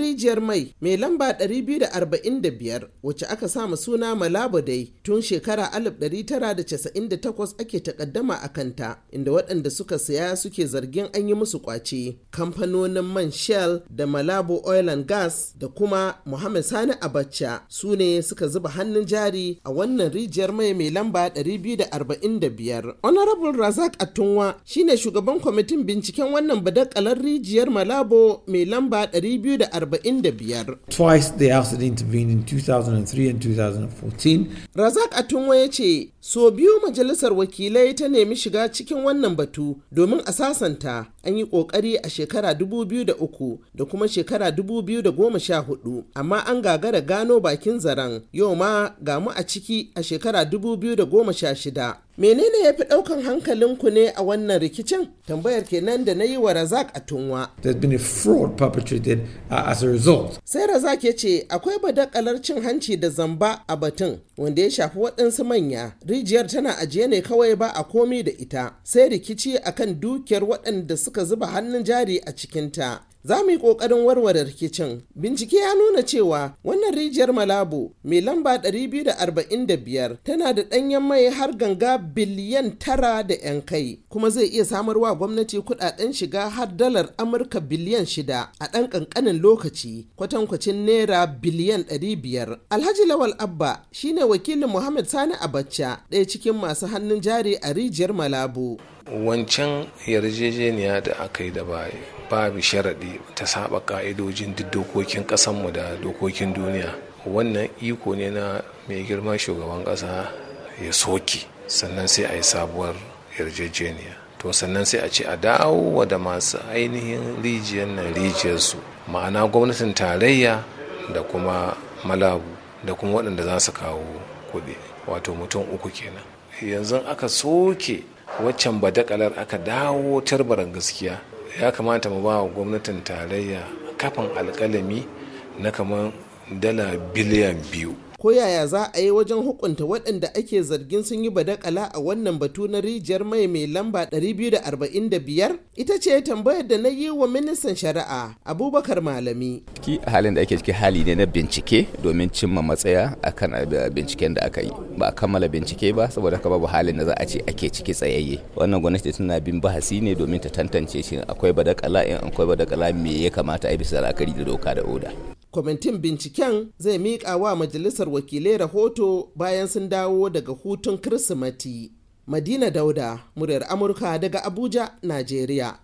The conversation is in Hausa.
rijiyar mai mai lamba 245 wacce aka sama suna Malabo dai tun shekara 1998 ake takaddama a kanta inda waɗanda suka saya suke zargin an yi musu kwace kamfanonin man Shell da Malabo Oil and Gas da kuma Muhammad Sani Abacha su ne suka zuba hannun jari a wannan rijiyar mai mai lamba 245. Honorable Razak Atunwa shine shugaban kwamitin binciken wannan badakalar rijiyar Malabo mai lamba 245 Twice accident in 2003 and 2014. Razak Atunwa ya ce, so biyu majalisar wakilai ta nemi shiga cikin wannan batu domin a sasanta an yi kokari a shekara 2003 da kuma shekara 2014 amma an gagara gano bakin zaren yau ma gamu a ciki a shekara 2016 menene ya fi ɗaukan ku ne a wannan rikicin tambayar kenan da na yi wa razak a tunwa uh, sai razak ya ce akwai badakalar cin hanci da zamba a batun wanda ya shafi waɗansu manya rijiyar tana ajiye ne kawai ba a komi da ita sai rikici akan dukiyar waɗanda suka zuba hannun jari a cikinta za mu yi ƙoƙarin warware rikicin. Bincike ya nuna cewa wannan rijiyar Malabo mai lamba 245 tana da ɗanyen mai har ganga biliyan tara da 'yan kai kuma zai iya samarwa gwamnati kuɗaɗen shiga har dalar Amurka biliyan shida a ɗan ƙanƙanin lokaci kwatankwacin naira biliyan 500. Alhaji Lawal Abba shine wakilin Muhammad Sani Abacha ɗaya cikin masu hannun jari a rijiyar Malabo. Wancan yarjejeniya da aka yi da baya babu sharaɗi ta saba ka'idojin duk dokokin ƙasanmu da dokokin duniya wannan iko ne na mai girma shugaban ƙasa ya soke sannan sai a yi sabuwar yarjejeniya to sannan sai a ce a dawo da masu ainihin rijiyar nan rijiyarsu ma'ana gwamnatin tarayya da kuma malabu da kuma waɗanda za su kawo kuɗi wato mutum uku kenan yanzu aka soke waccan badakalar aka dawo tarbaran gaskiya ya kamata mu ba wa gwamnatin tarayya kafin alkalami na kamar dala biliyan biyu ko yaya za a yi wajen hukunta waɗanda ake zargin sun yi badakala a wannan batu na rijiyar mai mai lamba 245 ita ce tambayar da na yi wa ministan shari'a abubakar malami ki halin da ake ciki hali ne na bincike domin cimma matsaya akan eh, binciken da aka yi ba a kammala bincike ba saboda haka babu halin da za a ce ake ciki tsayayye wannan gwamnati tana bin bahasi ne domin ta tantance shi akwai badakala in akwai badakala me ya kamata a yi bisa la'akari da doka da oda kwamitin binciken zai miƙa wa majalisar wakilai rahoto bayan sun dawo daga hutun kirsimati madina dauda muryar amurka daga abuja najeriya